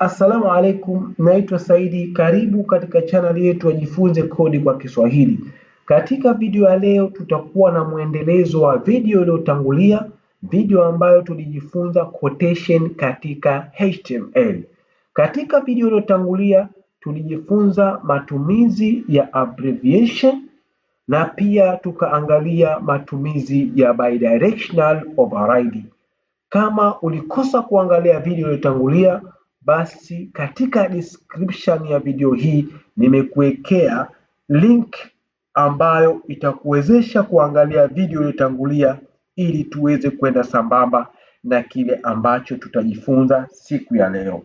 Assalamu alaikum, naitwa Saidi. Karibu katika channel yetu Ajifunze Kodi kwa Kiswahili. Katika video ya leo tutakuwa na mwendelezo wa video iliyotangulia, video ambayo tulijifunza quotation katika HTML. Katika video iliyotangulia tulijifunza matumizi ya abbreviation na pia tukaangalia matumizi ya bidirectional override. Kama ulikosa kuangalia video iliyotangulia basi katika description ya video hii nimekuwekea link ambayo itakuwezesha kuangalia video iliyotangulia ili tuweze kwenda sambamba na kile ambacho tutajifunza siku ya leo.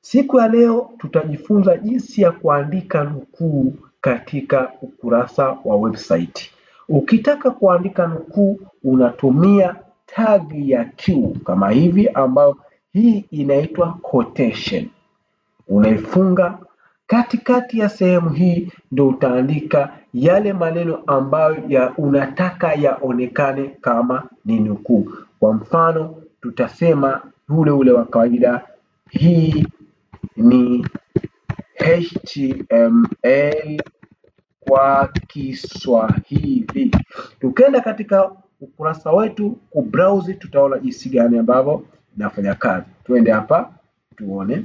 Siku ya leo tutajifunza jinsi ya kuandika nukuu katika ukurasa wa website. Ukitaka kuandika nukuu unatumia tag ya Q kama hivi, ambayo hii inaitwa quotation. Unaifunga katikati ya sehemu hii ndio utaandika yale maneno ambayo ya unataka yaonekane kama ni nukuu. Kwa mfano, tutasema ule ule wa kawaida, hii ni HTML kwa Kiswahili. tukenda katika ukurasa wetu kubrowse, tutaona jinsi gani ambavyo inafanya kazi. Tuende hapa tuone.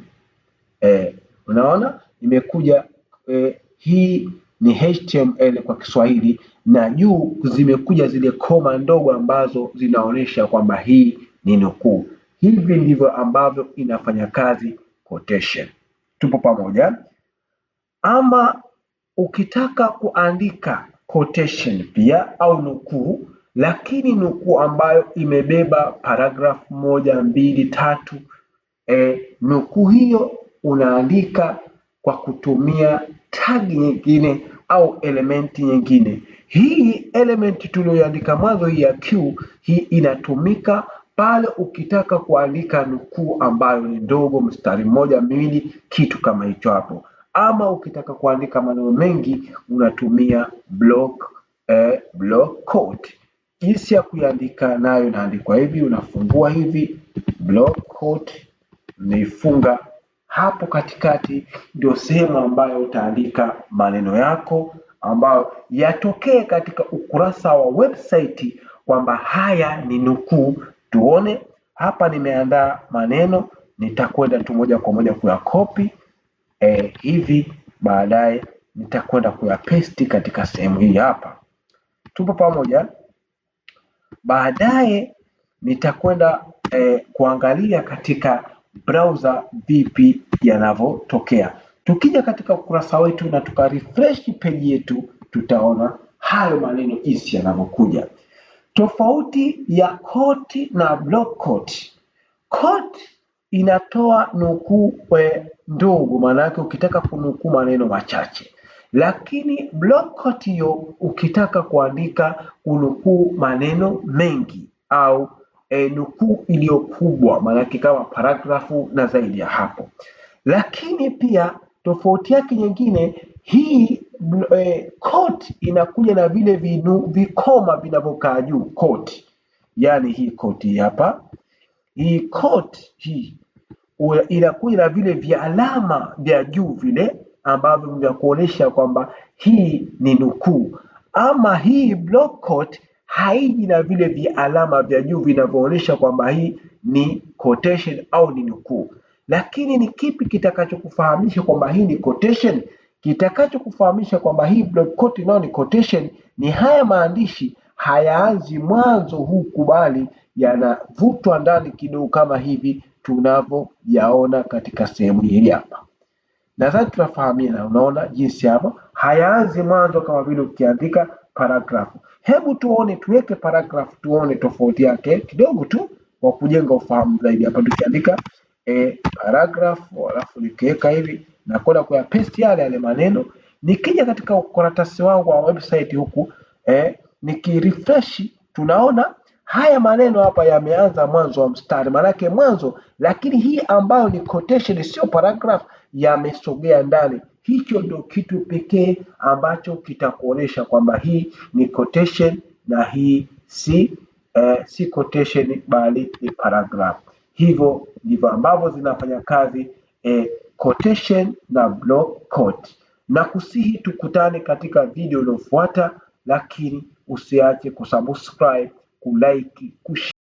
eh, unaona imekuja eh, hii ni HTML kwa Kiswahili na juu zimekuja zile koma ndogo ambazo zinaonyesha kwamba hii ni nukuu. Hivi ndivyo ambavyo inafanya kazi quotation. Tupo pamoja? Ama ukitaka kuandika quotation pia au nukuu lakini nukuu ambayo imebeba paragrafu moja mbili tatu e, nukuu hiyo unaandika kwa kutumia tagi nyingine au elementi nyingine. Hii elementi tuliyoandika mwanzo hii ya Q, hii inatumika pale ukitaka kuandika nukuu ambayo ni ndogo, mstari mmoja miwili, kitu kama hicho hapo, ama ukitaka kuandika maneno mengi unatumia block, eh, block quote. Jinsi ya kuiandika nayo inaandikwa hivi, unafungua hivi block quote, unaifunga hapo katikati ndio sehemu ambayo utaandika maneno yako ambayo yatokee katika ukurasa wa website kwamba haya ni nukuu. Tuone hapa, nimeandaa maneno, nitakwenda tu moja kwa moja kuyakopi e, hivi baadaye nitakwenda kuyapesti katika sehemu hii hapa. Tupo pamoja nitakwenda eh, kuangalia katika browser vipi yanavyotokea. Tukija katika ukurasa wetu na refresh page yetu, tutaona hayo maneno jinsi yanavyokuja. Tofauti ya court na block court. Court inatoa nukuu eh, ndogo, maana yake ukitaka kunukuu maneno machache, lakini block quote hiyo ukitaka kuandika unukuu maneno mengi au e, nukuu iliyo kubwa, maanake kama paragrafu na zaidi ya hapo. Lakini pia tofauti yake nyingine hii e, eh, quote inakuja na vile vinu, vikoma vinavyokaa juu quote, yani hii quote hii hapa, hii quote hii inakuja na vile vya alama vya juu vile ambavyo vya kuonyesha kwamba hii ni nukuu ama hii block quote haiji na vile vialama vya juu vinavyoonyesha kwamba hii ni quotation au ni nukuu. Lakini ni kipi kitakachokufahamisha kwamba hii ni quotation? Kitakachokufahamisha kwamba hii block quote nayo ni quotation ni haya maandishi hayaanzi mwanzo huku, bali yanavutwa ndani kidogo kama hivi tunavyoyaona katika sehemu hii hapa. Nadhani tunafahamiana, unaona jinsi hapo hayaanzi mwanzo kama vile ukiandika paragrafu. Hebu tuone, tuweke paragrafu, tuone tofauti yake kidogo tu, kwa kujenga ufahamu zaidi. Hapa tukiandika e, paragrafu alafu nikiweka hivi na kwenda kuyapesti yale yale maneno. Nikija katika ukaratasi wangu wa website huku e, nikirefresh tunaona Haya maneno hapa yameanza mwanzo wa mstari, maanake mwanzo, lakini hii ambayo ni quotation, sio paragraph, yamesogea ndani. Hicho ndio kitu pekee ambacho kitakuonyesha kwamba hii ni quotation na hii si eh, si quotation bali ni paragraph. Hivyo ndivyo ambavyo zinafanya kazi eh, quotation na block quote. Na kusihi tukutane katika video iliyofuata, lakini usiache kusubscribe kulaiki kushare.